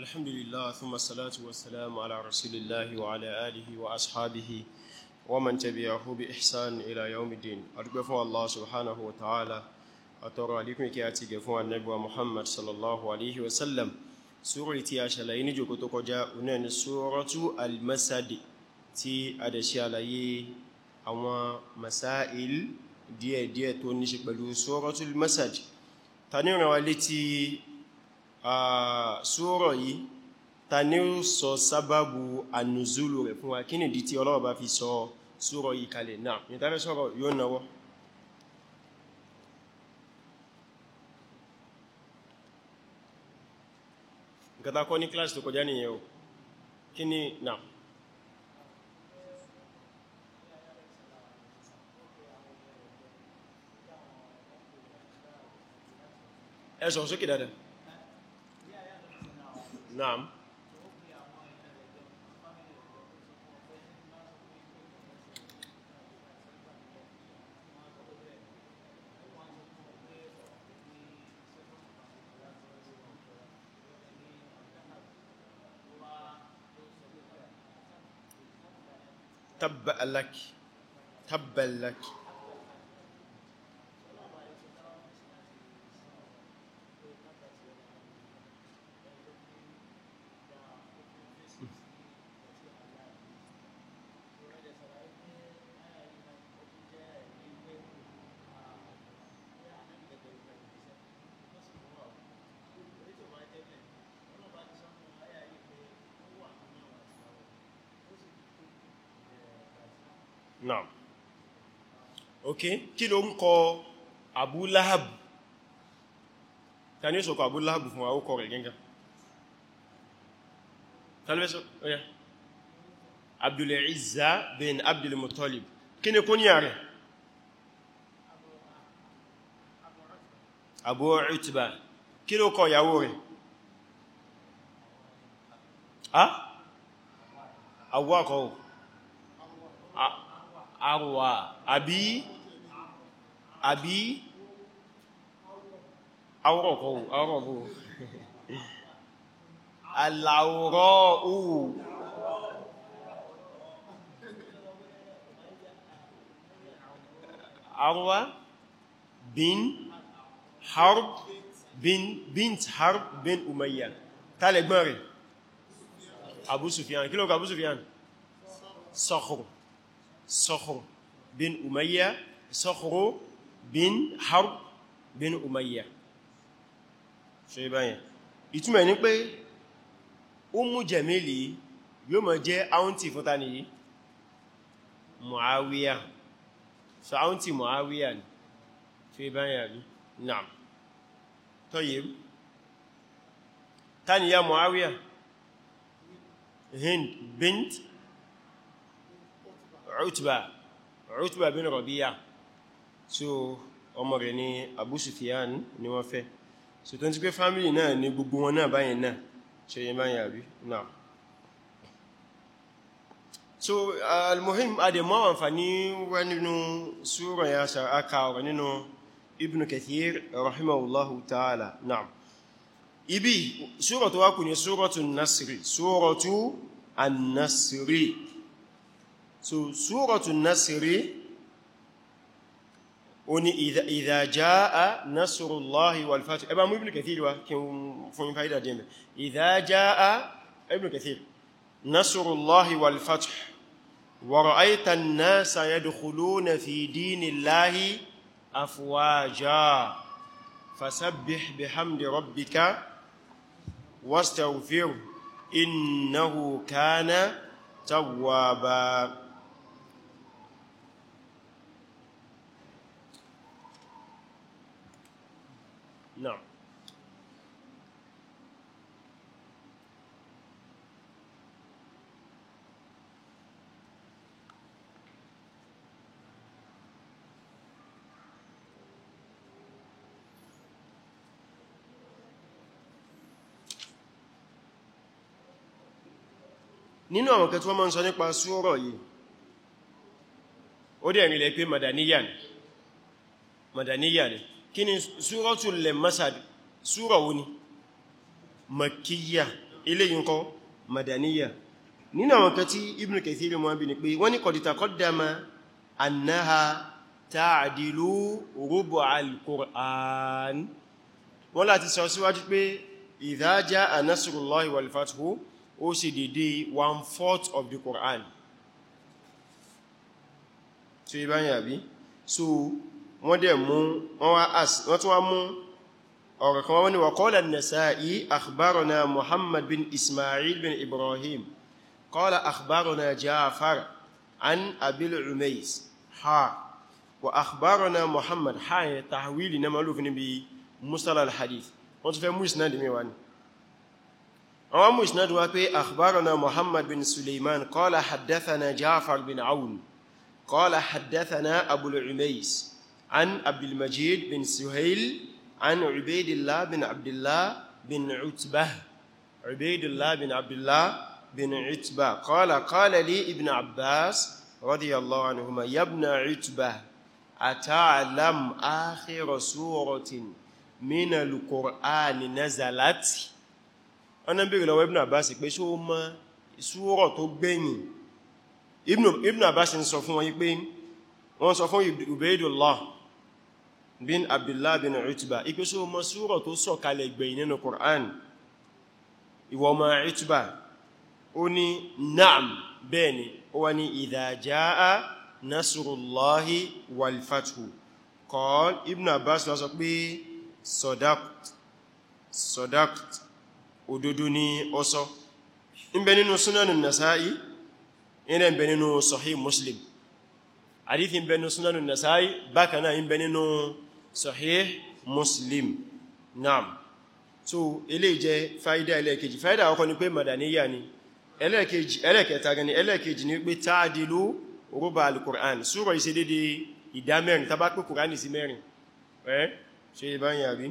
الحمد لله ثم الصلاة والسلام على رسول الله وعلى آله وأصحابه ومن تبعه بإحسان إلى يوم الدين أرجو الله سبحانه وتعالى أترى لكم كي أتجفوا النبي محمد صلى الله عليه وسلم سورة تياشلين جوكتو كجا ونن سورة المسد تي أدشالي أما مسائل díẹ̀díẹ̀ tó ní ṣe pẹ̀lú suratul masad ta ní ìrìnwà létí súrọ̀ yìí ta ní ó sọ sábàbù ànùzúlù rẹ̀ fún wa kí ni dí tí Ọlọ́run bá fi sọ súrọ̀ yìí kalẹ̀ náà ní tàbí sọ́rọ̀ yóò náwó nǹkan ní kíláàsì tó kọjá nìyẹn o kí ni náà ẹ sókè dáadáa نعم تبأ لك تبا لك okay kí ló ń kọ Abu Lahab tani ó sọ̀kọ̀ Abu Lahab fún wa ó kọ rẹ̀ gẹ́gẹ́ talibẹ́sọ̀ oya Abdul Izza bin Abdul Muttalib kí ni kúnyà rẹ̀ Abu Utba kí ló kọ ìyàwó rẹ̀ ha awọ́ akọ̀ arwa àbí àbí àwọ̀rọ̀kọ́ àwọ̀rọ̀kọ́ àlàwòrọ̀ òwò arwa bin harb bin bint harb bin umayya tálẹ̀gbọ́n rẹ̀ abu sufyan kí lókà abu sufyan sakhru sakhru bin umayya sakhru bin harb bin umayya ṣe báyẹn ìtumọ̀ ní pé Ummu Jamili yóò máa jẹ́ áùntì fúnta ní Muawiya so áùntì Muawiya ni ṣe báyẹn rí naam tayyib ta ni ya Muawiya Hind bint Utba Utba bin Rabi'a so ọmọ rẹ̀ ni Abu Sufyan ni wọ́n fẹ́ so tó ń ti pé family náà ni gbogbo wọn náà báyẹn náà ṣe yẹn báyẹn àbí náà so al-muhim adẹ̀mọ́ àǹfàní wọ́n nínú súrọ̀ ya ṣàkà ọ̀rọ̀ nínú Ibn Kathir rahimahullahu ta'ala na'am ibi súrọ̀ tó wákù ní súrọ̀tún nasiri súrọ̀tún annasiri so súrọ̀tún nasiri oni idha jaa nasrullahi wal fath ẹ bá mú ibn kathir wá kin fún fáídà díẹ̀ me idha jaa ibn kathir nasrullahi wal fath wa ra'aita an-nasa yadkhuluna fi dinillahi afwaja fasabbih bihamdi No. nínú àwọn kẹtù ọmọ ń sọ nípa súrọ̀ yìí ó dẹ̀ rí pé madaniya ni ni kí ni suratul masad súrọ̀ wo ni makiyya eléyìí ńkọ́ madaniyya nínú àwọn kan tí ibn kathir mọ́ bí ni pé wọ́n ní kọ̀dítà kọ́dàmà annaha ta'dilu rubu al-qur'an wọ́n láti sọ síwájú pé idha ja'a wọ́n dẹ̀ mú wọ́n tún wá mú ọ̀rọ̀ kan wọ́n ni wa qala an-Nasa'i akhbarana Muhammad bin Ismail bin Ibrahim qala akhbarana Ja'far an Abil Umays ha wa akhbarana Muhammad ha yẹ tahwili na malufin bi musala al-hadith wọ́n tún fẹ́ mú isnad mi ni àwọn mú isnad wá pé akhbarana Muhammad bin Sulaiman qala haddathana Ja'far bin Aun qala haddathana Abul Umays عن عبد المجيد بن سهيل عن عبيد الله بن عبد الله بن عتبة عبيد الله بن عبد الله بن عتبة قال قال لي ابن عباس رضي الله عنهما يا ابن عتبة أتعلم آخر سورة من القرآن نزلت أنا بيقول له ابن عباس بشو ما سورة بني ابن, ابن عباس sọ fún wọn yí pé wọ́n sọ fún Ubaydullah bin abdullah bin utba ipe so mo suro tó sọ̀ kalẹ̀ gbẹ̀yìn nínú qur'an ìwọ ma utba ó ní na'am bẹ́ẹ̀ ni ó wá ní idha jaa nasrullahi wal fathu qal ibn abbas ló sọ pé sadaqt sadaqt òdodo ni ó sọ sunan an-nasa'i ina ńbẹ nínú sahih muslim hadithi ńbẹ nínú sunan an-nasa'i bákan náà ńbẹ nínú sahih muslim naam so eléyìí jẹ́ fáídà ẹlẹ́ẹ̀kejì fáídà àkọ́kọ́ ni pé madaniya ni ẹlẹ́ẹ̀kejì ẹlẹ́ẹ̀kẹta gan ni ẹlẹ́ẹ̀kejì ni pé ta'dilu ruba al-Qur'an súrọ̀ ìṣe dédé ìdá mẹ́rin tàbá pé Qur'an sí mẹ́rin ẹ́ ṣe ìbáyìn àrí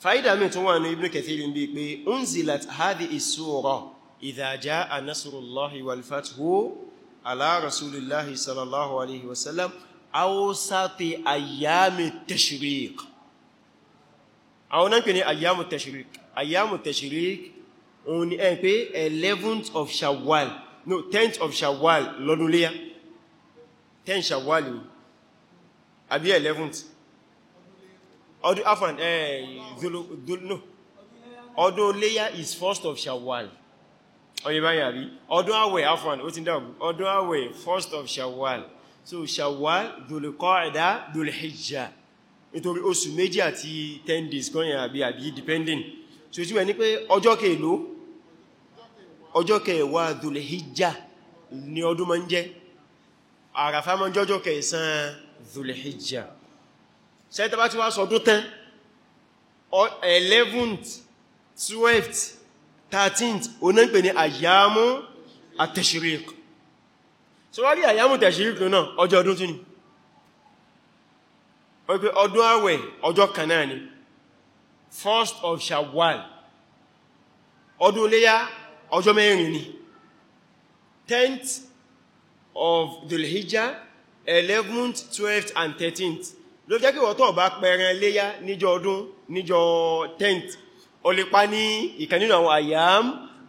fàídà mi tún wà ní Ibn Kathir bí pé unzilat hadhihi as-sura idha jaa nasrullahi wal fathu ala rasulillahi sallallahu alaihi wasallam awsati ayyami tashriq àwọn náà pè ní ayyamu tashriq ayyamu tashriq òun ni ẹ pé 11th of shawwal no 10th of shawwal lọ́dún léyá 10 shawwal àbí 11th ọdún afan eh, no ọdún léyá is first of shawwal ọyẹ báyìí àbí ọdún àwẹ̀ afan ó ti dáàbù ọdún àwẹ̀ first of shawwal so shawwal dùlùkọ́ẹ̀dá dùlùhijjá nítorí oṣù méjì àti 10 days kọ́yìn àbí àbí depending so tí wẹ́ ní pé ọjọ́ kèèló ọjọ́ kẹwàá dùlùhijjá ni ọdún máa ń jẹ́ àràfà máa ń kẹsàn-án dùlùhijjá sẹ́tẹ́ bá ti wá sọdún tán 11th 12th 13th onípe ni àyàmú àtẹ̀ṣìríkù so wá rí àyàmú tẹ̀ṣìríkù náà ọjọ́ ọdún tún ni wípé ọdún àwẹ̀ ọjọ́ kan náà ni first of Shawwal ọdún léyá ọjọ́ mẹ́rin ni 10th of Dhul Hijjah 11th 12th and 13th ló jẹ́ kí wọ́n tó bá pẹran léyá níjọ ọdún níjọ 10th o lè pa ní ìkan nínú àwọn ayyam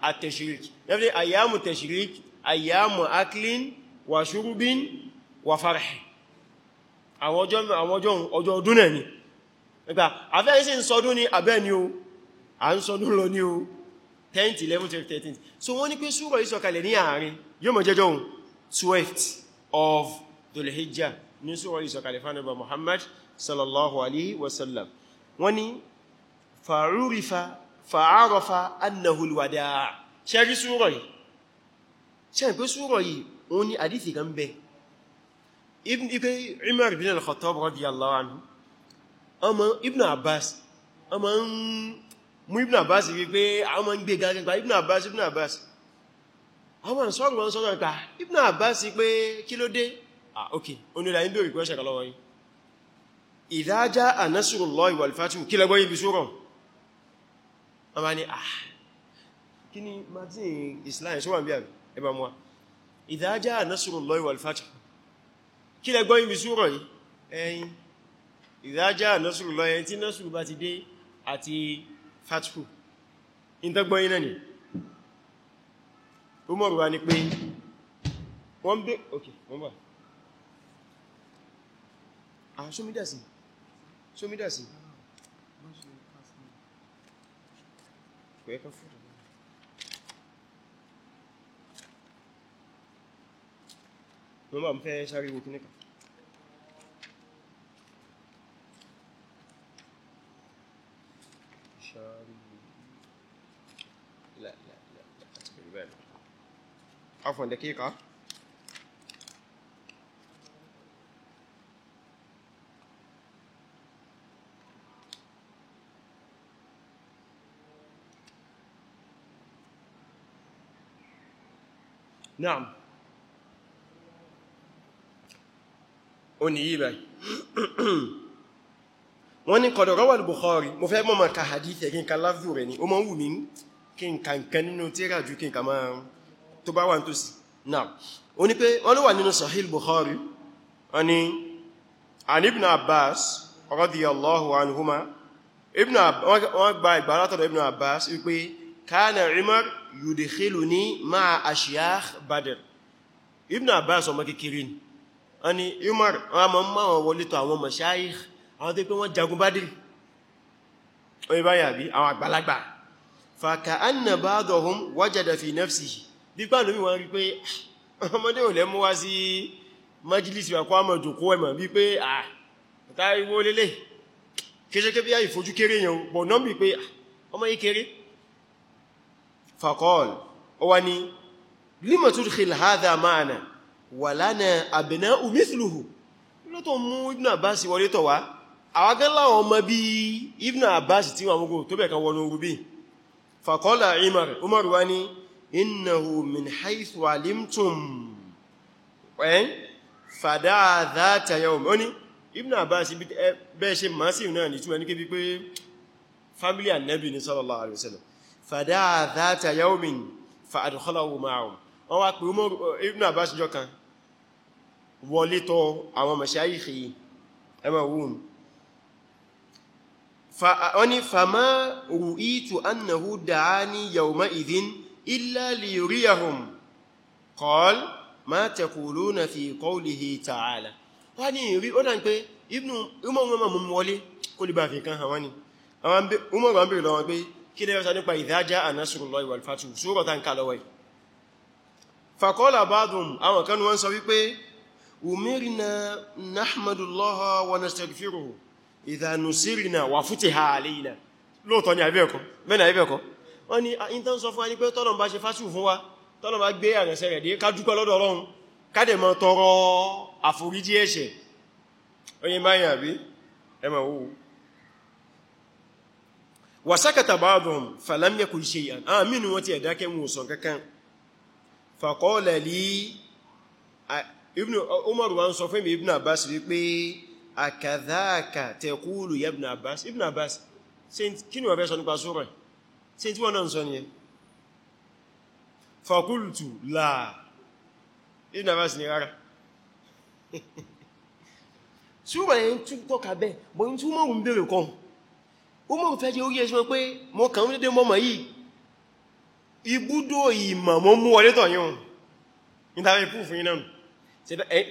at-tashrik lẹ́fẹ́ ayyamu tashrik ayyamu aklin wa shurubin wa farah àwọn ọjọ́ ọdún náà ni ẹgbà afẹ́ sí ń sọdún ní abẹ́ ni o a ń sọdún lọ ní o 10th 11th 13th so wọ́n ní pé súrọ̀ ìsọ̀kalẹ̀ ní àárín yóò mọ̀ jẹ́jọ́ 12 of the Hijjah ní sura ìsọ̀kalẹ̀ fún Ànábì Muhammad sallallahu alaihi wasallam wọ́n ní fa'urifa fa'arafa annahu alwada' ṣe rí sura yìí ṣe ń pé sura yìí wọ́n ní àdífì kan bẹ ipe Umar bin al-Khattab radiyallahu anhu ọmọ Ibn Abbas ọmọ ń mú Ibn Abbas wípé àwọn ọmọ ń gbé gagagba Ibn, Ibn Abbas Ibn Abbas àwọn sọ́rọ̀ wọn sọ́rọ̀ ìpa Ibn Abbas pé kí ló dé ah okay onílà ń bèèrè kwẹ́ṣẹ̀ kọlọ́wọ́ yìí ìdájá ànásùrùlọ́ ìwàlfàtíwù kí lẹ́gbọ́ yìí bí sórọ̀ ọmọ ni ah kí ni martin islam ṣọ́wọ́n bí àbí ẹbà mọ́ ìdájá ànásùrùlọ́ ìwàlfàtíwù kí lẹ́gbọ́ yìí bí sórọ̀ yìí ẹ̀yin ìdájá ànásùrùlọ́ ẹ̀yìn tí násùrù bá ti dé àti fatihu ìtẹ́gbọ́ yìí náà ah show me that sin show me that sin kò yẹ ká fún ọ̀dọ̀ mo máa ń fẹ́ sáré wo kíníkà sáré láti bẹ̀rẹ̀ bẹ́ẹ̀ afọ̀ndẹ̀kíkà Naam ó ní yìí báyìí wọ́n ní kọ̀dọ̀rọ̀wà al-Bukhari mo fẹ́ mọ́mọ̀ ka hadith ẹ̀kí nǹkan láàrù rẹ̀ ni ó mọ́ wù mí kí nǹkan nǹkan nínú tírà ju kí nǹkan máa tó bá wà ń tó sí Naam ó ní pé wọ́n Sahih bukhari wọ́n an Ibn Abbas radiyallahu anhuma wọ́n gba ìgbàlátọ̀dọ̀ Ibn Abbas wípé kana Umar yudkhiluni ma'a ashiyakh Badr Ibn Abbas ọmọ kékeré ni wọ́n ni Umar wọ́n ma ń máwọn wọlé tọ̀ àwọn mashayikh àwọn tó pé wọ́n jagun Badr oye báyà bí àwọn àgbàlagbà fàkà anna ba'dahum wajada fi nafsihi bí pàdé mi wọ́n rí pé ah, ọmọdé ò lẹ́ mú wá sí majlis wa kó àmọ̀ jòkó ẹ̀mọ̀ bí pé ah ta iwó lélẹ̀ kéṣẹ́kẹ́ bí i fojú kéré yẹn bọ̀ nọ́mbì pé ah, ọmọ yí kéré faqal ó wá ní lima tudkhil hadha ma'ana wa lana abna'u mithluhu ló tó mú Ibn Abbas wọlé tọ̀ wá àwágán láwọn ọmọ bí Ibn Abbas tí wọ́n mú tó bẹ̀ kan wọnú rubí faqala Umar Umar wá ní innahu min haythu alimtum ẹn fàdá family annabi ni sallallahu alaihi wasallam fadaa dhata yawmin fa adkhalahu ma'ahum wọ́n wá pè Umar ibn Abbas jọ kan wọlé tọ̀ àwọn mashayikhi ẹmà wùn wọ́n ni fama ru'itu annahu da'ani yawma idhin illa liyuriyahum qala ma taquluna fi qawlihi ta'ala wọ́n ni rí ó dán pé ibn Umar mọ́ mọ́ wọlé kó kí lè rẹ̀sà nípa idha jaa nasrullahi wal fathu sóòrọ̀ tá ń ká lọ́wọ́ faqala ba'dhum àwọn kan wọ́n sọ wípé umirna nahmadullaha wa nastaghfiruhu idha nusirna wa futiha alayna lóòtọ́ ni àbẹ́ẹ̀kọ́ mẹ́nà àbẹ́ẹ̀kọ́ wọ́n ni in tán sọ fún wa pé tọ́lọ̀ وسكت بعضهم فلم يكن شيئا امين وتي اداك موسى كان فقال لي ابن عمر وان صفهم ابن عباس بي اكذاك تقول يا ابن عباس ابن عباس سنت كينو ابي سنبا سوره سنت وانا نسوني فقلت لا ابن عباس ني رارا سوره ان تو توكا بي بو ان تو مو ń bèèrè kon Umar fẹ́ jẹ́ orí ẹ̀ṣọ́ pé mọ́ kàn ń dédé mọ́mọ̀ yìí ibùdó ìmọ̀ mọ́ mú wọlé tọ̀yún ìtàrí pù fún iná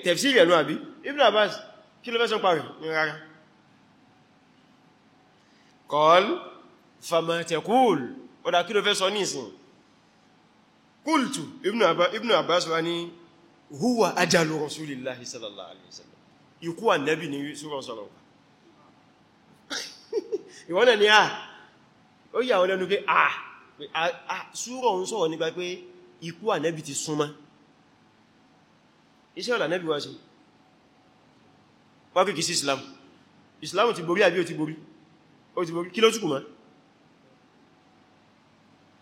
tẹ̀fsírí ẹ̀lú àbí Ibn Abbas kí ló fẹ́sàn parí ní rárá kọl famatekul ọ̀dá kí ló fẹ́ sọ nísìn kúltù Ibn Abbas wá ní huwa ajalu rasulillahi sallallahu alaihi wasallam ikú annabi ni sura sallallahu ìwọ́n ni à ó yà wọ́n lẹ́nu pé à súrọ̀ ń sọ̀rọ̀ nípa pé ikú ànẹ́bì ti súnmọ́ iṣẹ́ ọ̀là ànẹ́bì wá sí wákìkì sí Islam Islam ti borí àbí ó ti borí kí ló túnkù mọ́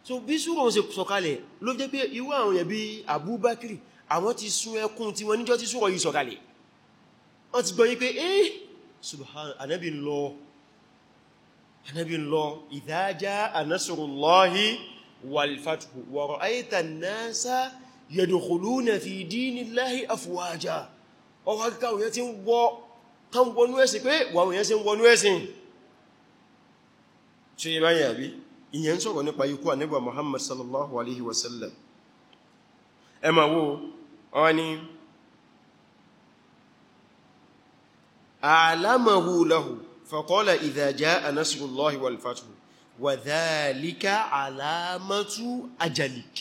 so bí súrọ̀ ṣe sọ̀kalẹ̀ ló jẹ́ pé irú àwọn èèyàn bí Abubakri àwọn ti sun ẹkún tí wọ́n níjọ́ tí súrọ̀ yìí sọ̀kalẹ̀ wọ́n ti gbọ́ yí pé eh subhan ànẹ́bì lọ́ọ̀ anábi lọ ìdájá anásùrùlọ́hí wàlfàtù wọ̀rọ̀ àìta náà yẹ̀dùkùlú na fi dínì láhí afúwájá ọwọ́ kíkàwò yẹ́ ti ń wọnú ẹ̀sìn pé wàwò yẹ́ sí wọnú ẹ̀sìn ṣe ìbáyà bí ìyẹn sọ̀rọ̀ nípa ikú àníbà Muhammad sallallahu alaihi wasallam ẹ فقال إذا جاء نصر الله والفتح وذلك علامة أجلك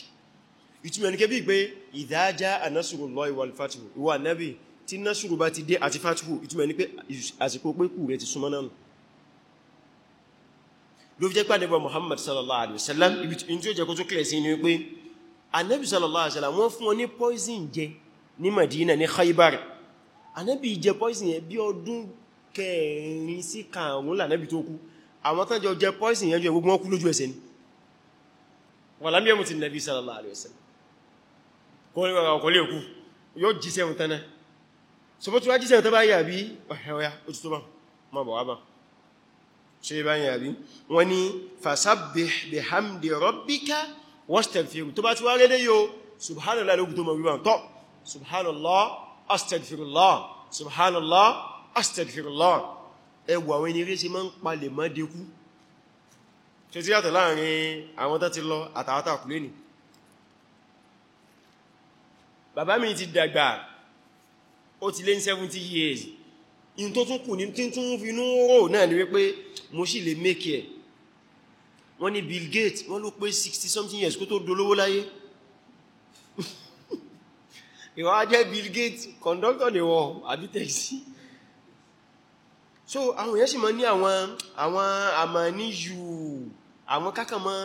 ìtumọ̀ ní kébí pé إذا جاء نصر الله والفتح ìwà náàbì tí násùrù bá ti dé àti fàtíhù ìtumọ̀ ní pé àsìkò pé kù rẹ̀ ti súnmọ́ náà ló fi jẹ́ pàdé bá Muhammad sallallahu alaihi wasallam ibi tí ó jẹ́ kó tó kílẹ̀ sí ni kẹrin sí karùn-ún lànẹ́bì tó kú àwọn tán jọ jẹ poison yẹn jù gbogbo wọn kú lójú ẹsẹ̀ ni wà lámí ẹmù ti nàbí sallallahu alaihi wasallam kò lè kú yóò jíṣẹ́ ohun tánà so bó tí wá jíṣẹ́ ohun tán bá yà bí ọ̀hẹ́ọ̀yá ó ti tó bá mọ́ bọ̀ wá bá ṣe bá subhanallah lókùtò subhanallah astagfirullah ẹwà àwọn ènìyàn sí máa ń palẹ̀ mọ́ dékú ṣe tí yàtọ̀ láàrin àwọn tó ti lọ àtàwátà kúlé nì bàbá mi ti dàgbà ó ti lé ní 70 years in tó tún kù ní tí tún fi inú rò náà ni wípé mo sì lè make ẹ̀ e. wọ́n ní Bill Gates wọ́n ló pé 60 something years kó tó dolówó láyé ìwọ́n á jẹ́ Bill Gates conductor ni wọ́n àbí taxi so àwọn èyàn sì mọ́ ní àwọn àwọn àmà níyù àwọn kákàmọ́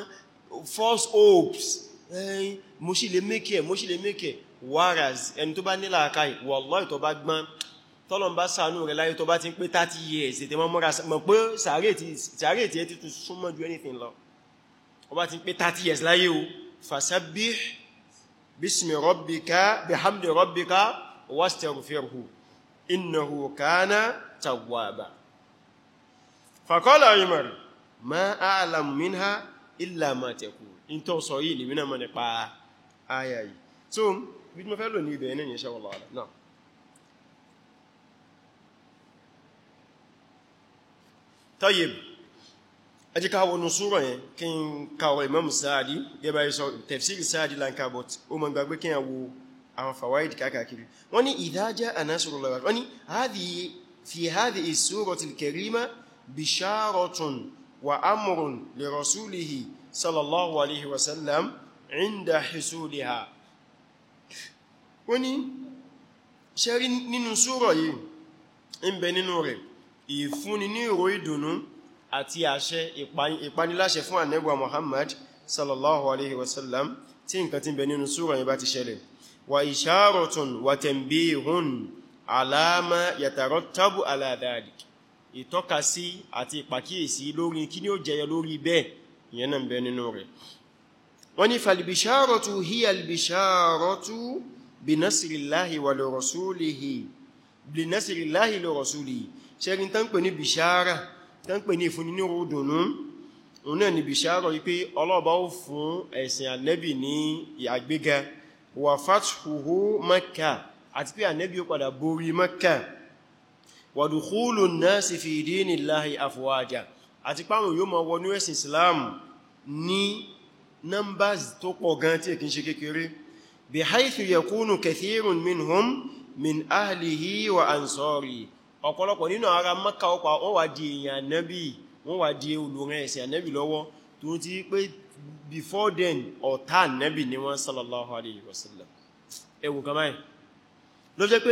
false hopes ẹ̀yìn mo sì lè make it e, mo sì lè make it e. whereas ẹni tó bá nílà àkáì wallahi tó bá gbọ́n tọ́lọ̀n bá ṣàánú rẹ̀ láyé tó bá ti ń pé 30 years ètè mọ́ mọ́ra mọ̀ pé sàárè tí ẹ ti tún súnmọ́ ju anything lọ ó bá ti ń pé 30 years láyé o fasabbih bismi rabbika bihamdi rabbika wastaghfirhu innahu kana tawwaba fàkọ́lá Umar ma a'lamu minha illa ma taqul in tó sọ yìí lèmínà mọ́ nípa ayà yìí so bí mo fẹ́ lò ní ibẹ̀ ní ìṣẹ́ wọ́lọ́wọ́lá náà tayyib aji ka wọnú súrọ̀ yẹn kí n kàwọ̀ Imam Sa'di gẹ́bà ìsọ tafsir Sa'di lanka but o mọ̀ gbàgbé kí a wo àwọn fawaid kákàkiri wọ́n ni idha ja'a wọ́n ni fi hadhihi as-surati al بشارة وأمر لرسوله صلى الله عليه وسلم عند حصولها وني ṣẹ́rí nínú súrọ̀ yìí ń bẹ nínú rẹ̀ ìfúnni ní ìró ìdùnnú àti àṣẹ ìpaniláṣẹ fún ànẹ́gbà Muhammad sallallahu alaihi wasallam tí nǹkan tí ń bẹ nínú súrọ̀ yìí bá ti ṣẹlẹ̀ wa isharatun wa tanbihun alama yatarattabu ala ìtọ́kasí àti ìpàkíyèsí lórí kí ni ó jẹyọ lórí bẹ́ẹ̀ ìyẹn náà ń bẹ nínú rẹ̀ wọ́n ní falbisharatu hiya albisharatu binasirillahi wa li rasulihi binasirillahi ṣẹ́rin tán pè ní bishara tán pè ní ìfúnni ní rúdùnú òun náà ni bishara wípé ọlọ́ọ̀bá ó fún ẹ̀sìn ànẹ́bì ní àgbéga wà fatuhu Makkah àti pé ànẹ́bì ó padà borí Makkah wàdùkúlù náà sì fi dínì láhì afwaja àti páwọn yóò máa wọnú ẹ̀sìn islam ní numbers tó pọ̀ gan tí èkín ṣe kékeré bí haithu yakunu kathirun minhum min ahlihi wa ansori ọ̀pọ̀lọpọ̀ nínú ara maka ọpa wọ́n before then ọ̀tá ànábì ni wọ́n sallallahu alayhi wa sallam ẹwù kamai ló jẹ́ pé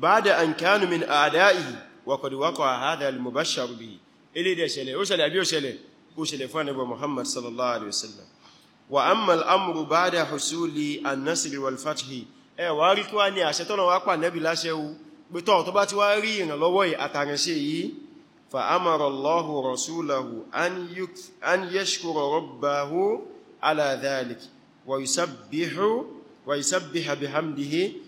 بعد أن كانوا من أعدائه وقد وقع هذا المبشر به إلي دي شلي وشلي أبي وشلي وشلي فانبو محمد صلى الله عليه وسلم وأما الأمر بعد حصول النصر والفتح ẹ wà rí kí wa yusabbihu bihamdihi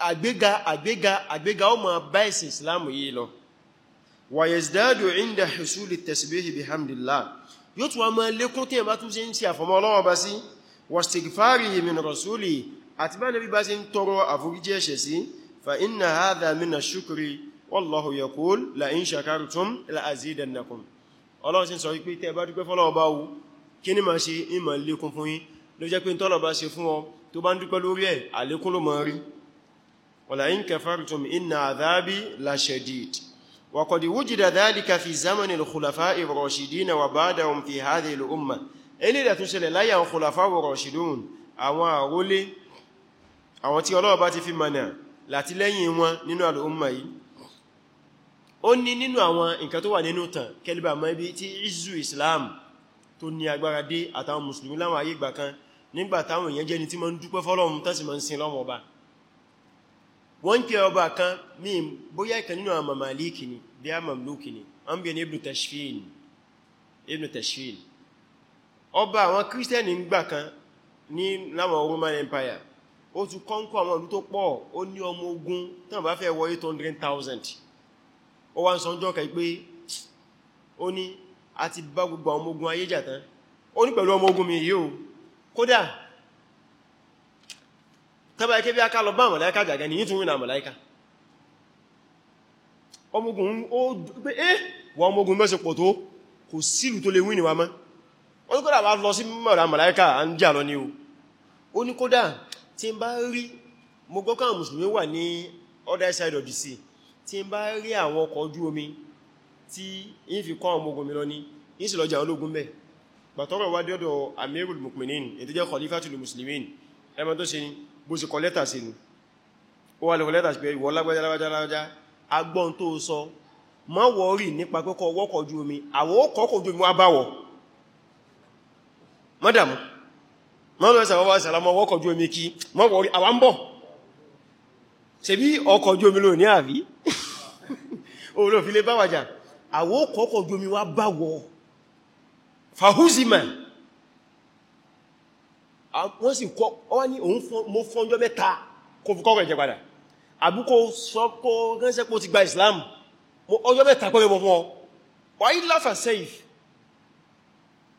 àgbéga àgbéga àgbéga ó máa bá ẹ̀sìn islam yìí lọ wa yazdadu inda husuli tasbih bihamdillah yóò tún wá máa lékún tí ẹ bá tún ṣe ń ṣe àfọmọ́ Ọlọ́run bá sí wastighfarihi min rasuli àti bá nàbí bá ṣe ń tọrọ àforíjì ẹ̀ṣẹ̀ sí fa inna hadha min ash-shukri wallahu yaqul la in shakartum la azidannakum Ọlọ́run sì sọ wípé tẹ́ bá dúpẹ́ fọ́lọ́wọ́ bá wú kí ní máa ṣe ìmọ̀ lékún fún yín ló jẹ́ pé tọ́lọ̀ bá ṣe fún ọ tó bá ń dúpẹ́ lórí ẹ̀ àlékún ló máa rí ولئن كفرتم إن عذابي لشديد وقد وجد ذلك في زمن الخلفاء الراشدين وبعدهم في هذه الأمة إلي لا تنسل لا يا خلفاء الراشدون àwọn àrólé àwọn tí Ọlọ́run bá ti fi mọ̀nà láti lẹ́yìn wọn nínú àlùmọ̀ yìí ó ní nínú àwọn nǹkan tó wà nínú tàn kẹlìbà mọ́ ibi tí izu Islam tó ní agbára dé àtàwọn mùsùlùmí láwọn ayé ìgbà kan nígbà táwọn èèyàn jẹ́ ni tí ma ń dúpẹ́ fọ́lọ́run tán sì ma ń sin lọ́wọ́ ọba wọ́n kí ọba kan ní bóyá ìkan nínú àwọn mamaliki ni bí a mamluki ni wọ́n bí ní ibn tashfin ibn tashfin ọba àwọn kírísítẹ́nì ń gbà kan ní láwọn roman empire ó tún kọ́nkọ́ àwọn ìlú tó pọ̀ ó ní ọmọ ogun tán bá fẹ́ wọ 800,000 ó wá ń sọ ọjọ́ kan pé ó ní a ti bá gbogbo ọmọ ogun ayé tán ó ní pẹ̀lú ọmọ ogun mi yìí o kódà tẹ́bà ikẹ́ bí a ká lọ bá màláíkà jàgẹ́ ní ìtún rìnà màláíkà ọmọgun ó pé eh wọ ọmọgun mẹ́sẹ̀ pọ̀ tó kò sílù tó lè wí níwá mọ́ wọ́n kódà bá lọ sí mọ̀rà màláíkà à ń jà lọ ní o other side of the sea tí n bá rí àwọn ọkọ̀ ojú omi tí ń fi kọ́ ọmọgun mukminin ètò jẹ́ khalifatul muslimin ẹmọ tó ṣe ni bó ṣe kọ lẹ́tà sí ni ó wà lè kọ lẹ́tà sí pé ìwọ lágbájá lágbájá lágbájá agbọ́n tó sọ má wọ́rì nípa pẹ́kọ̀ wọ́kọ̀ ojú omi àwọn ọkọ̀ ojú omi wá báwọ̀ mọ́dàmú mọ́lọ́sà wọ́wọ́ sàlámọ́ wọ́kọ̀ ojú omi kí mọ́ wọ́rì àwa ń bọ̀ ṣe bí ọkọ̀ ojú wọ́n sì kọ́ wọ́n ní òun mo fọ́njọ́ mẹ́ta kò fi kọ́kọ̀ ìjẹ padà àbúkò sọ́pọ̀ ránṣẹ́ pò ti gba Islam ọjọ́ mẹ́ta pẹ́rẹ mọ́ fún ọ wà yí láfà sẹ́if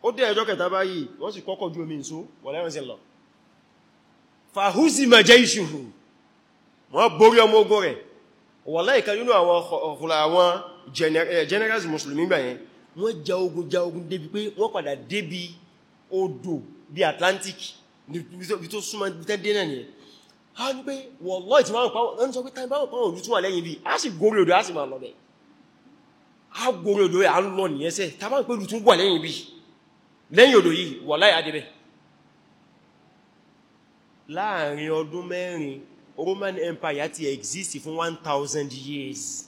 ó dẹ̀ ẹjọ́ kẹta báyìí wọ́n sì kọ́kọ̀ ju omi ìṣó wà lẹ́rìnsẹ̀ lọ fàhúsì mẹ́jẹ́ ìṣòro wọ́n borí ọmọ ogun rẹ̀ wà láìka nínú àwọn eh, generals mùsùlùmí gbà yẹn wọ́n ja ogun ja ogun débi pé wọ́n padà débi odò bí Atlantic bí tó súnmọ́ tẹ́ náà nìyẹn a ní pé wọ́lọ́ ìtì pàwọn ẹni sọ pé tàbí márùn pàwọn òjú lẹ́yìn bí a sì gorí odò a sì máa lọ a gorí odò rẹ̀ a ń lọ nìyẹn sẹ́ pé olú lẹ́yìn bí Roman Empire ti exist fún 1000 years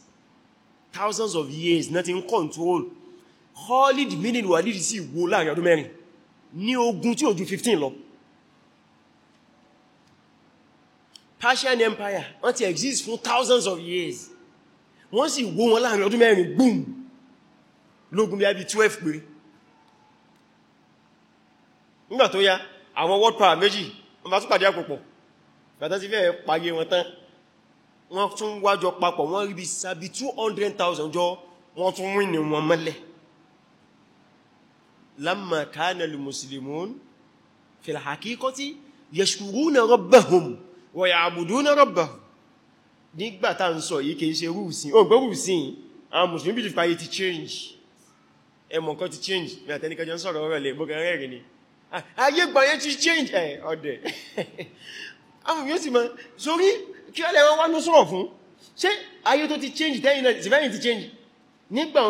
thousands of years náà control Khalid minid Walid sì wo láàrin ọdún mẹ́rin ní ogun tí ó ju 15 lọ Persian Empire wọ́n ti exist fún thousands of years wọ́n sì wó wọn láàrin ọdún mẹ́rin boom lógun bí i 12 péré nígbà tó yá àwọn world power méjì wọ́n bá tún pàdé àpòpọ̀ gbàtà ti fẹ́ pàyẹ wọn tán wọ́n tún wájọ papọ̀ wọ́n rí bí sàbí 200,000 jọ wọ́n tún wí ní wọn mọ́lẹ̀ lamma kana al muslimun fil haqiqati yashkuruna rabbahum wa ya'buduna rabbahum nígbà tá ń sọ yìí kìí ṣe rúùsìn ó gbọ́ rúùsìn àwọn mùsùlùmí bìlì fàyè ti change ẹmọ̀ nǹkan ti change ní àtẹnikẹjọ ń sọ̀rọ̀ rẹ̀ lè bó rẹ̀ ni ah, ayé gbàyé ti change ẹ̀ ọ̀dẹ̀ àwọn yóò sì mọ́ sórí kí ọlẹ́ wọn wá ní sọ̀rọ̀ fún change tẹ́yìn náà sì fẹ́yìn ti change nígbà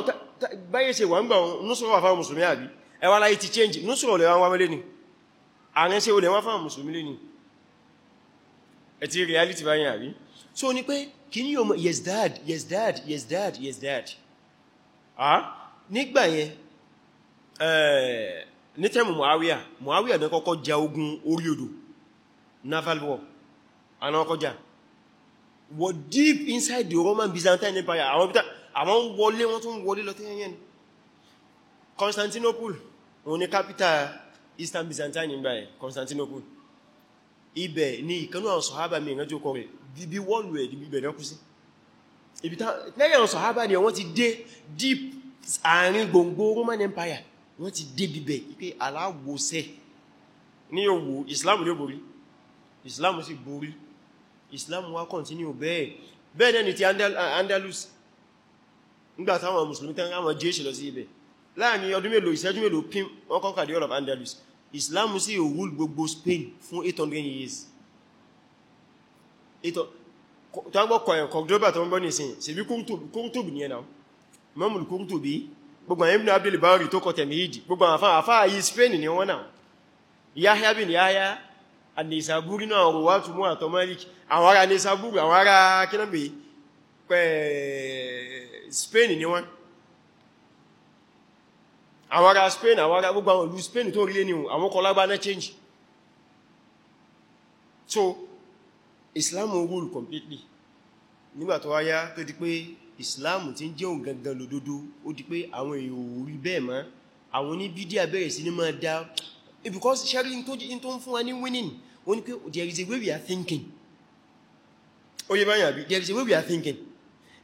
báyé ṣe wà ń gbà ń sọ̀rọ̀ fáwọn mùsùlùmí àbí change ń sọ̀rọ̀ lè wọn wá mẹ́lẹ́ ni àrẹ́ṣẹ́ ni ẹ̀tí reality bá yìn àrí so ní pé kí ní ọmọ yes dad yes dad yes dad yes dad ah nígbà yẹn eh, ní tẹ́mù Muawiya Muawiya ní kọ́kọ́ ja ogun orí odò naval war aná kọjá wọ deep inside the Roman Byzantine Empire àwọn bíta àwọn wọlé wọn tún wọlé lọ tẹ́yẹn Constantinople òun ni capital Eastern Byzantine Empire Constantinople ibẹ̀ ni ìkanú àwọn sọ̀hábà mi ìrìnàjò kọrẹ̀ bí wọ́n lù ẹ̀ ibẹ̀ lọ́kú sí ibi tán lẹ́yìn àwọn sọ̀hábà ni wọ́n ti dé deep àárín gbòngbò Roman Empire wọ́n ti dé bíbẹ̀ pé aláwòsẹ̀ ní òwò Islam ló borí Islam sì borí Islam wá continue bẹ́ẹ̀ bẹ́ẹ̀ náà ni ti Andalus nígbà táwọn Mùsùlùmí tán ráwọn jésù lọ sí ibẹ̀ láàrin ọdún mélòó ìṣẹ́jú mélòó pín wọ́n Andalus islam sì rule gbogbo spain fún 800 years tó gbọ́ kọ̀yàn kọ̀gbọ́gbà tó ń bọ́ nìsìn sí bí kúrútùbù ní ẹ̀nà mọ́mùlù kúrútùbí gbogbo àwọn ibùn abdul bari tó kọ̀tẹ̀ méjì gbogbo àwọn àfáà yìí spain ni wọ́n náà yahya bin yahya anisaburi náà rọwà túnmọ́ àtọ́mọ́lik àwọn ará anisaburi àwọn ará kínábì spain ni wọ́n àwọn ará Spain àwọn ará gbogbo àwọn ìlú Spain tó rílé ní àwọn kọlágbá náà change so Islam rule completely nígbà tó wáyá tó di pé Islam ti ń jẹun gangan lódodo ó di pé àwọn èèyàn ò bẹ́ẹ̀ mọ́ àwọn oníbídíà bẹ̀rẹ̀ sí ní máa dá eh, because sharing tó ń fún wa ní winning ó ní pé there is a way we are thinking ó yẹ báyìí àbí there is a way we are thinking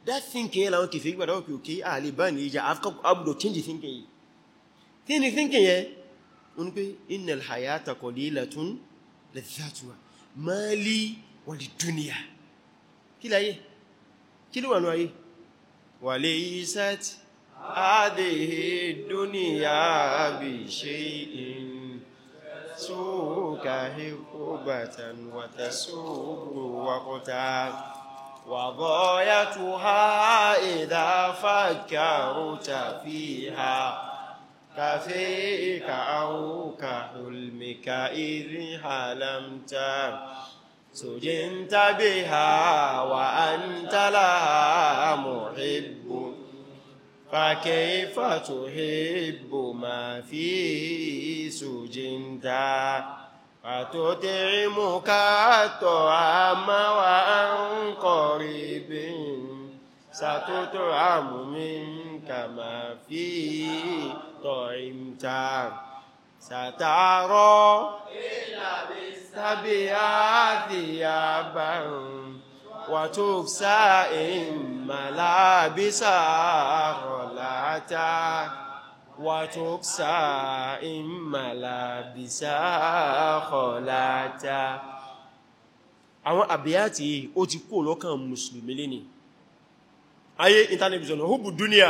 that thinking láwọn kèfèé gbàdáwọ̀ pé òkè àlè báyìí ìjà abúdó change thinking yìí kí ni thinking yẹn wọ́n pé innal hayata qalilatun ladhatuha mali walid-dunya kí láyé kí ló wà ní ayé walaysat hadhihi ad-dunya bi shay'in suka hubatan wa tasuru waqta وضايتها إذا فكرت فيها كسيك أو كحلمك إذ حلمت سجنت بها وأنت لها محب فكيف تحب ما فيه سجنت فتطعمك الطعام وعن قريب ستطعم منك ما فيه طعمت سترى بها ثيابا وتكسى إن ملابس خلاتا وتكسى إن ملابس خلاتا àwọn àbíyàtì ó ti kó lọ́kàn mùsùlùmí lé ní ayé internet vision hubu dunia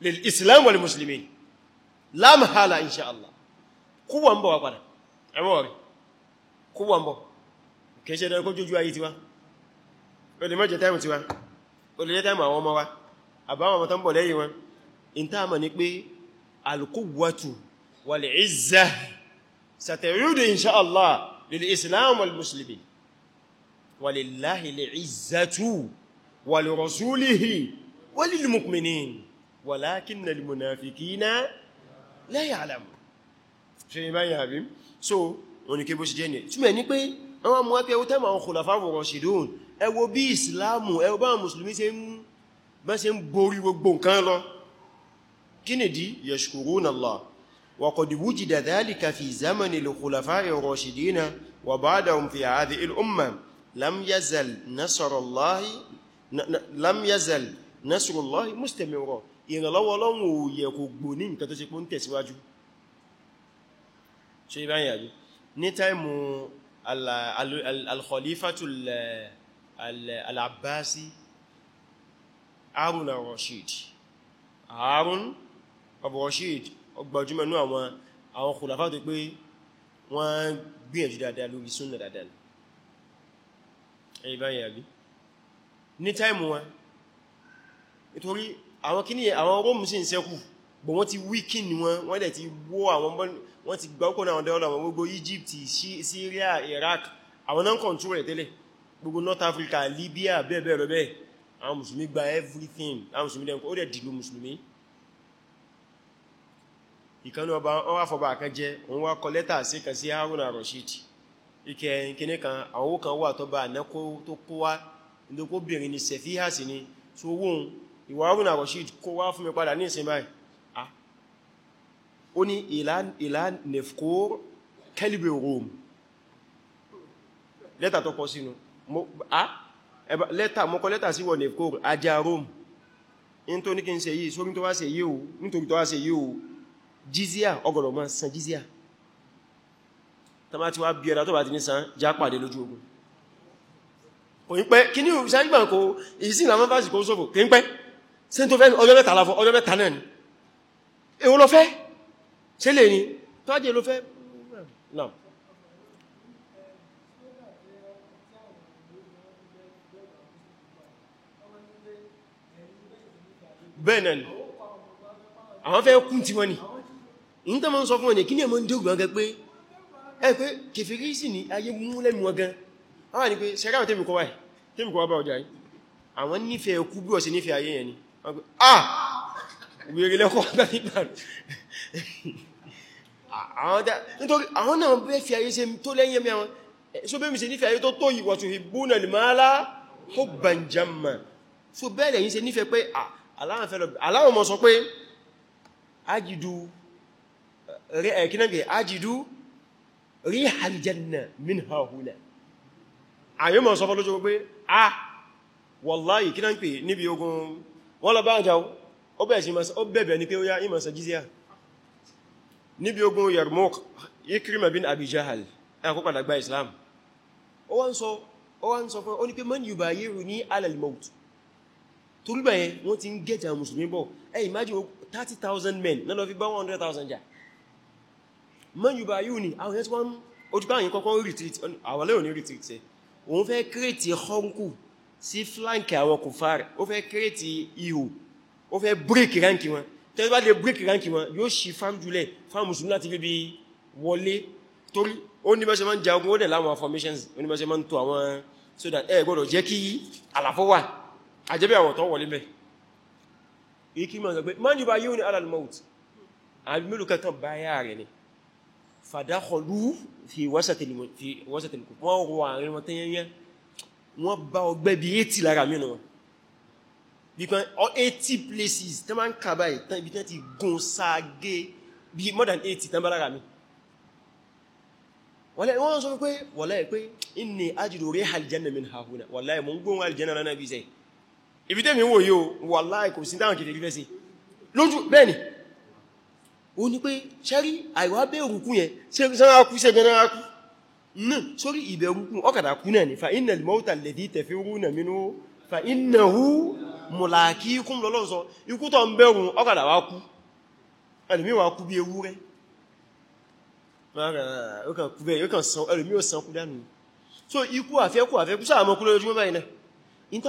lil islam wal muslimin la mahala insha Allah kuwa ń bọ̀ wá padà ẹ̀wọ́ rẹ̀ kuwa ń bọ̀ kẹsẹ̀ dẹ̀ kójú ojú ayé tiwa o lè mọ́jẹ̀ táìmù tiwa o lè jẹ́ táìmù àwọn ọmọ wa àbáwọn ọmọ tó ń bọ̀ lẹ́yìn wọn in ta mọ̀ ní pé alkuwatu wal izza satarudu insha Allah lil islam wal muslimin walillahi al izzatu wal rasulihi walil mu'minin ولكن المنافقين لا يعلمون ṣe ma yà bí so on bó ṣe jẹ́ ní túnmẹ̀ ní pé àwọn mú ẹgbẹ́ ẹwọ́ tẹ́mà àwọn khulafa'ur rashidun ẹ wò bí ìsìláàmù ẹ wò bá mùsùlùmí ṣe ń borí gbogbo nǹkan lọ kí ni dí yashkuruna Allah wa qad wujida dhalika fi zamani l-khulafa'ir rashidina wa ba'dahum fi hadhihi l-umma lam yazal nasrullahi lam yazal nasrullahi mustamiran ìrànlọ́wọ́ Ọlọ́run ò yẹ kò gbò ní nǹkan tó ṣe pé ń tẹ̀síwájú ṣe ìbáyìn àjú ní táìmù al-Khalifatul al-Abbasi Harun al-Rashid Harun al-Rashid ọgbàjúmọ̀ ní àwọn àwọn khulafa tó pé wọ́n gbìyànjú dáadáa lórí súnnà dáadáa ní ìbáyìn àjú ní táìmù wọn nítorí àwọn kíní àwọn róòmù sí ń sẹ́kù bọ̀ wọ́n ti wíkín wọn wọ́n dẹ̀ ti wó àwọn wọ́n ti gbá ọkùnrin àwọn dọ́là wọn gbogbo Egypt Syria Iraq àwọn náà kọ̀ntú rẹ̀ tẹ́lẹ̀ gbogbo North Africa Libya bẹ́ẹ̀bẹ́ẹ̀ lọ bẹ́ẹ̀ àwọn mùsùlùmí gba everything àwọn mùsùlùmí dẹ̀ ó dẹ̀ dìlú mùsùlùmí ìkanú ọba wọ́n wá fọba àkan jẹ́ wọ́n wá kọ lẹ́tà sí kan sí Haruna Rashid ike kíní kan àwọn owó kan wà tọ́ba àná tó kó wá ní tó kó bìnrin ni sẹ̀fíhà sí ni tó wóhun ìwà Harun Rashid kó wá fún mi padà ní ìsìn báyìí ó ní ìlà nefkor kẹlìbì Rome lẹ́tà tó kọ sínú mọ́kọ lẹ́tà sí wọ nefkor ajá Rome in tó ní kí n ṣe yìí sórí tó wá ṣe yìí o nítorí tó wá ṣe yìí o jizia ọgọ̀rọ̀ ma san jizia tàbí wá bí ẹ̀dà tó bá ti kò ní pẹ́ kí ní òṣìṣẹ́ kò ìsìn làmọ́ fásitì kò sófò kí ń pẹ́ ṣe tó fẹ́ ọjọ́ mẹ́ta láfọ́ ọjọ́ mẹ́ta náà ni èwo ló fẹ́ ṣe lè ní tọ́jẹ́ ló fẹ́ náà bẹ́ẹ̀ ni àwọn fẹ́ kún tí wọ́n ni ní tó mọ́ ń sọ fún ọ̀nà kí ní ẹmọ́ ń dé ògbọ́n gẹ pé ẹ pé kèfèrí sí ní ayé mú lẹ́nu wọn gan àwọn ni pé sẹ́ráwọ̀ tẹ́mìkọ́ wáyé tẹ́mìkọ́ wá bá ọjà yìí àwọn nífẹ̀ẹ́ kú bí ọ̀sẹ̀ nífẹ̀ẹ́ ayé yẹn ni ah wèrè lẹ́kọ́ afghanistan àwọn náà bẹ́ fi ayé ṣe tó lẹ́yìn ẹmí àwọn so bẹ́ mi ṣe nífẹ̀ẹ́ ayé tó tó yìí wọ̀tún ìbúnà lè máa lá kó bànjàmà so bẹ́ẹ̀lẹ̀ yìí ṣe nífẹ̀ẹ́ pé ah, aláwọn mọ́ sọ pé ajidu ẹ̀kínàgbẹ̀ eh, ajidu rí aljanna min haula wọ́n lọ bá ń jà ó bẹ̀bẹ̀ ní pé ó yá ìmọ̀sà jízíà níbi ogun Yarmouk Ikrima bin abijahal. Jahal ẹ̀kọ́ padà gba Islam ó wá ń sọ fún ọ ní pé man yubayiru ní alal maut torúbẹ̀ wọ́n ti ń gẹ́jà musulmi bọ̀ ẹ imagine 30,000 men náà lọ fi bá 100,000 jà man yubayiru ní àwọn yẹn tí wọ́n ojúbá yẹn kọ́kọ́ retreat àwọn lẹ́yìn retreat sí flank àwọn kùfàrí ó fẹ́ kírètì ihò ó fẹ́ break rank wọn tẹ́lẹ̀ bá lè break rank wọn yóò ṣì fáwọn jùlẹ̀ fáwọn musulmi láti fi bí wọlé torí ó ní bá ṣe máa ń jagun ó dẹ̀ láwọn formations ó ní bá ṣe máa ń tó àwọn so that ẹ gbọ́dọ̀ jẹ́ kí àlàfo wà àjẹ́bẹ̀ àwọ̀ tó wọlé mẹ́ ikí man yóò bá yíò ní alal maut àbí mélòó kankan bá yá rẹ̀ ni fàdákọlú fi wọ́sàtìlì kùn wọ́n rọ àrin wọn tẹ́yẹnyẹn wọ́n bá ọgbẹ́ bí 80 lára mínú wọn bí kan 80 places tán bá ń kà báyìí tán ibi tán ti gún sáàgé bí more than 80 tán bá lára mi wọ́n sọ pé wọ́lẹ́ pé inni ajidu riha aljanna min hahuna wọ́lẹ́ mọ́ ń gbóhun aljanna lọ́nà bí sẹ́ ibi tẹ́mi wò yóò wọ́lẹ́ kò sí dáhùn kìtẹ̀ fífẹ́ lójú bẹ́ẹ̀ni ó ní pé ṣẹ́rí àìwá bẹ́ẹ̀rù kú yẹn ṣẹ́rí sánà kú sẹ́gbẹ̀rẹ̀ kú náà sórí o ọkàdà kú náà ní fa'inna al-mawta alladhi tafirruna minhu fa'innahu mulaqikum lọ́lọ́sọ ikú tó ń bẹ̀rùn ọkàdà wá kú ẹlùmí wá kú bí ewúrẹ́ so ikú àfẹ́kù àfẹ́kù sáà mọ́kú lórí ojúmọ́ báyìí in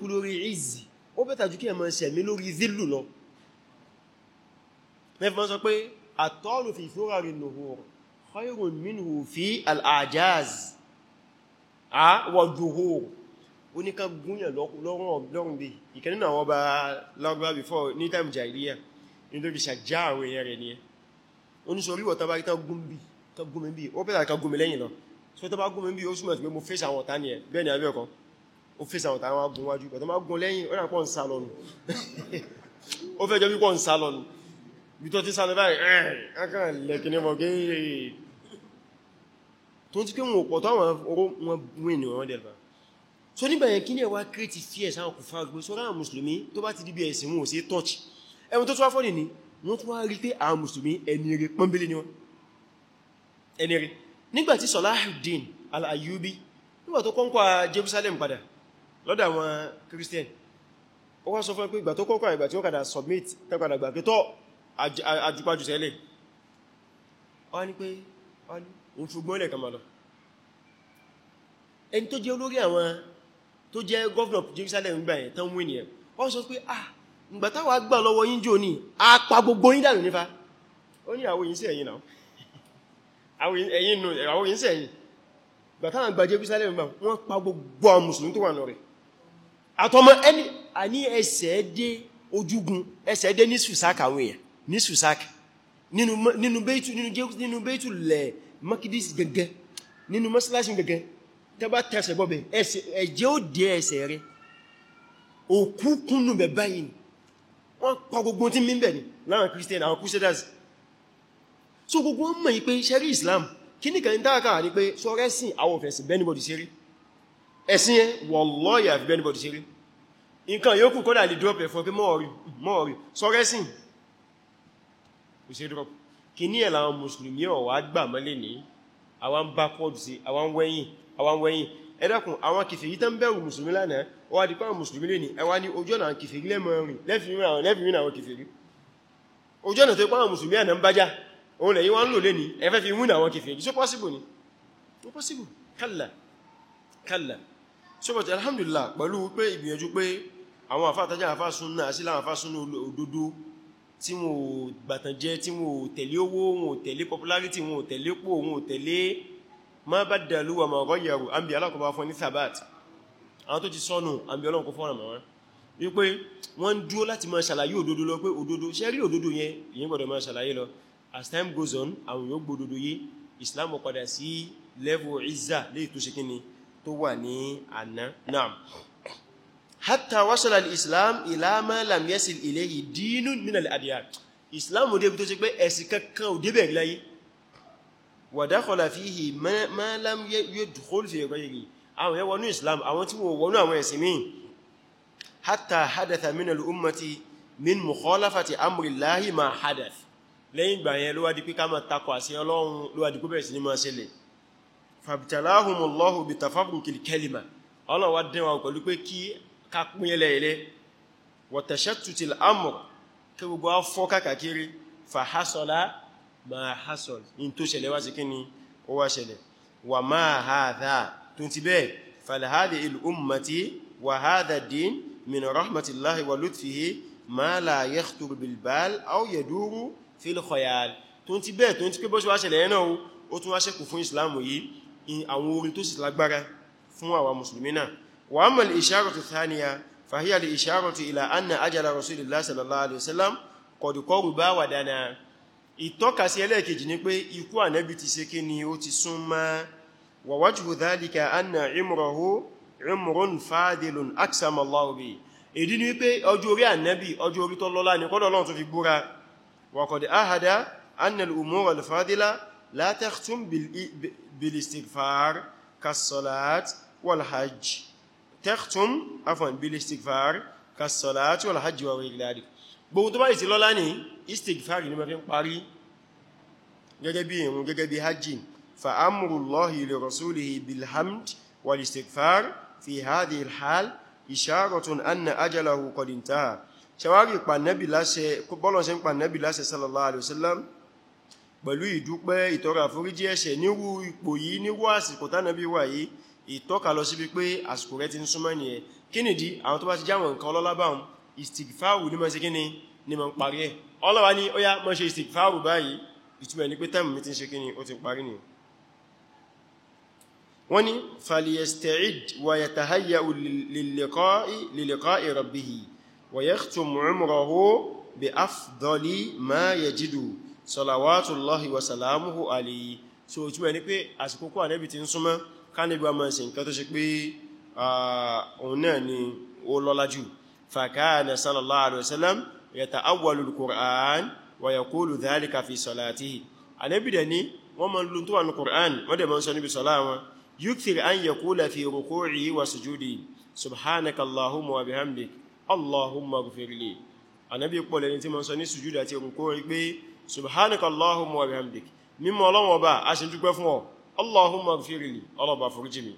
kú lórí ìzì ó bẹ́ta jù kíyàn mọ́ lórí zílù lọ mẹ́fẹ́ mọ́ sọ pé fi ọ̀rọ̀ khayrun minhu fi al-ajaz a wa duhur ó ní kan gúnyàn lọ́rùn ọ̀blọ́rùn bí ìkan nínú àwọn ọba lágbà before ní time jàìríyà ní tó fi ṣàjá àwọn èèyàn rẹ̀ ní ẹ ó ní sọrí wọ̀ta bá rí tán gúnmi bí ó pẹ́lá kan gúnmi lẹ́yìn lọ so tó bá gúnmi bí ó súnmọ̀ pé mo fèsì àwọn tó ti pé wọn pọ̀ tó àwọn wọn win wọn dẹ̀fà so nígbà yẹn kí ní ẹwà create fear sáwọn kò gbé sọ́rọ̀ àwọn mùsùlùmí tó bá ti di ẹ̀sìn wọn ò sí touch ẹwọ́n tó tó wá fọ́nì ni wọ́n tó wá rí pé àwọn mùsùlùmí ẹni rẹ̀ pọ́nbílì ni wọ́n ẹni rẹ̀ nígbàtí Salahuddin al-Ayyubi nígbà Christian ó wá sọ fún pé ìgbà tó kọ́kọ́ tí submit tẹ́kàdà gbà pé tọ́ àjùpájù sẹ́lẹ̀ wọ́n ni pé wọ́n òun ṣùgbọ́n ilẹ̀ kan ma lọ ẹni tó jẹ́ olórí àwọn tó jẹ́ gọ́ọ̀nà Jerusalem gbà ẹ̀ tán wí nìyẹn wọ́n sọ pé ah ìgbà táwa gbà lọ́wọ́ yín jò ní apá gbogbo yín dànù nífa ó ní àwọn yìí sí ẹ̀yìn náà ẹ̀yìn nù àwọn yìí sí ẹ̀yìn ìgbà táwa gbà Jerusalem gbà wọ́n pa gbogbo àwọn mùsùlùmí tó wà nù rẹ̀ àtọmọ ẹni àní ẹsẹ̀ dé ojúgun ẹsẹ̀ dé ní sùsáàkì àwọn èèyàn ní sùsáàkì nínú bẹ́ẹ̀tù nínú bẹ́ẹ̀tù lẹ̀ makidis gẹ̀gẹ́ nínú mọ́sálásí gẹ̀gẹ́ tẹba tẹ́sẹ̀ bọ́bẹ̀ ẹ̀jẹ̀ ó dé ẹsẹ̀ rẹ̀ òkú kúnnù bẹ̀ báyìí ni wọ́n pa gbogbo tí mímbẹ̀ ni láwọn christian àwọn crusaders so gbogbo wọ́n mọ̀ yí pé ṣẹ́rí islam kí ní kẹrin dáadáa ní pé sọ́rẹ́sìn àwọn òfẹ̀sìn bẹ́nibọ̀dì ṣeré ẹ̀sìn yẹn wọ́lọ́yà fi bẹ́nibọ̀dì ṣeré nǹkan yóò kù kọ́dà lè drop ẹ̀fọ́ pé mọ́ọ̀rí sọ́rẹ́sìn kò ṣe drop kìíní ẹ̀ làwọn mùsùlùmí ọ̀wà gbà mọ́lẹ̀ ní àwọn ń bá kọ́ọ̀dù sí àwọn wẹ́yìn àwọn wẹ́yìn ẹ dákun àwọn kìfèrí tán bẹ̀rù mùsùlùmí lánàá wọ́n adìpá mùsùlùmí lè ní ẹwà ní ojú ọ̀nà kìfèrí lẹ́mọ̀rin lẹ́fìrin àwọn kìfèrí ojú ọ̀nà tó ipá àwọn mùsùlùmí àná ń bájá òun lẹ̀yìn wọ́n ń alhamdulillah pẹ̀lú pé ìgbìyànjú pé àwọn àfáàtajà àfáàsún náà sí láwọn àfáàsún tí wọn ò gbàtànjẹ́ tí wọn ò tẹ̀lé owó wọn ò tẹ̀lé popularity wọn ò tẹ̀lé pò wọn ò tẹ̀lé ma baddalu wa ma ghayyaru àmì alákọ̀ọ́bá fún ní sabat àwọn tó ti sọnù àmì ọlọ́nkọ́ fọ́nà mọ́ wọn wípé wọ́n ń dúró láti máa ṣàlàyé òdodo lọ pé òdodo ṣe rí as time goes on àwọn yóò gbódodo yé Islam padà sí level izza léè tó ṣe kíni hatta wasala al-islam ila ma lam yasil ilayhi dinun min al-adyan islam ò dé bí tó ṣe pé ẹ̀sìn kankan ò dé bẹ̀ láyé wa dakhala fihi ma lam yadkhul fi ghayri àwọn yẹn wọnú islam àwọn tí wọ́n wọnú àwọn ẹ̀sìn míì hatta hadatha min al-ummati min mukhalafati amri llahi ma hadath lẹ́yìn ìgbà yẹn ló wá di pé ká máa takọ̀ àṣẹ Ọlọ́run ló wá di pé bẹ̀rẹ̀ sí ní fabtalahumullahu bi tafarruqil kalima Ọlọ́run wá pẹ̀lú pé kí ká pín ẹlẹ́ẹ̀lẹ́ wa tashattutil amr kí gbogbo á fọ́ kákàkiri fa hasala ma hasal in tó ṣẹlẹ̀ wá sí kí ni ó wá ṣẹlẹ̀ wa ma hadha tó ti bẹ́ẹ̀ falhadi il ummati wa hadha din min rahmatillahi wa lutfihi ma la yakhtur bil bal aw yaduru fil khayal tó ti bẹ́ẹ̀ tó ti pé bó ṣe wá ṣẹlẹ̀ ẹ̀nà ó tún wá ṣẹ́kù fún ìsìláàmù yìí àwọn orin tó sì lágbára fún àwa mùsùlùmí náà وأما الإشارة الثانية فهي الإشارة إلى أن أجل رسول الله صلى الله عليه وسلم قد قرب ودنا ìtọ́ka sí ẹlẹ́ẹ̀kejì ní pé ikú ànẹ́bì ti ṣe kí ni ó ti sún mọ́ wàwájú dhalika anna imrahu imrun fadilun aksama Allahu bi èdí ní pé ọjọ́ orí ànẹ́bì ọjọ́ orí tó lọ́lá ní kọ́dọ̀ Ọlọ́run tó fi búra wa qad ahada anna al-umura al-fadila la takhtum bil istighfar kas-salat wal hajj tẹ́kùtùm afọ̀n bílé istigfar kàsọ̀láàtí wal hajji wa ghayri dhalik gbogbo tó bá ìsì lọ́lá ní istigfar ní mẹ́fẹ́ ń parí gẹ́gẹ́ bí ìrun gẹ́gẹ́ bí hajji fa amrullahi li rasulihi bilhamd wal istigfar fi hadhihi alhal isharatun anna ajalahu qad intaha ṣàwárí ìpànẹ́bì láṣẹ bọ́lọ̀ṣẹ́ ń pànẹ́bì láṣẹ sallallahu ìtọ́ka lọ síbi pé àsìkò rẹ̀ ti ń súnmọ́ nìyẹn kí nìdí àwọn tó bá ti jáwọn nǹkan ọlọ́lábàun istigfaru ní mọ́ sí kíni ní mọ́ ń parí ẹ̀ ọlọ́wà ní ó yá mọ́ ṣe istigfaru báyìí ìtumọ̀ pé tẹ́mù so ìtumọ̀ ní pé àsìkò kó ànẹ́bì ti ń súnmọ́ kánibà máa ṣe nǹkan tó ṣe pé òun náà ni ó lọ́lájú fàkánà sallallahu alaihi wasallam yata'awwalu al-Qur'an wa yaqulu dhalika fi salatihi anẹ́bìdẹ̀ ni wọ́n ma lùn tó wà ní Qur'an wọ́n dẹ̀ ma ń sọ níbi allahumma wa bihamdik allahumma ghfirli anẹ́bì pọ̀ lẹ́ni tí ma ń sọ ní sujúdì àti ruku'i pé allahumma gfirili Allah bá foríjì mi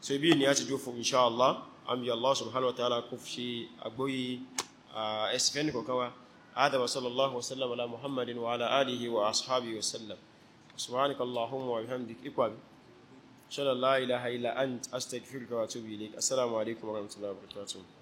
so ibi ni a ti jó fún insha Allah àmì allah subhanahu wa ta'ala kò fi agbóyí ẹsìfẹ́ nìkọ̀ọ́kọ́ wa هذا وصلى الله وسلم على محمد وعلى آله وأصحابه وسلم سبحانك اللهم وبحمدك إقوى إن شاء الله لا إله إلا أنت أستغفرك وأتوب إليك السلام عليكم ورحمة الله وبركاته